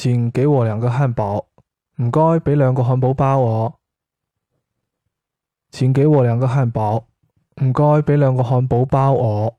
請給我兩個漢堡，唔該俾兩個漢堡包我。請給我兩個漢堡，唔該俾兩個漢堡包我。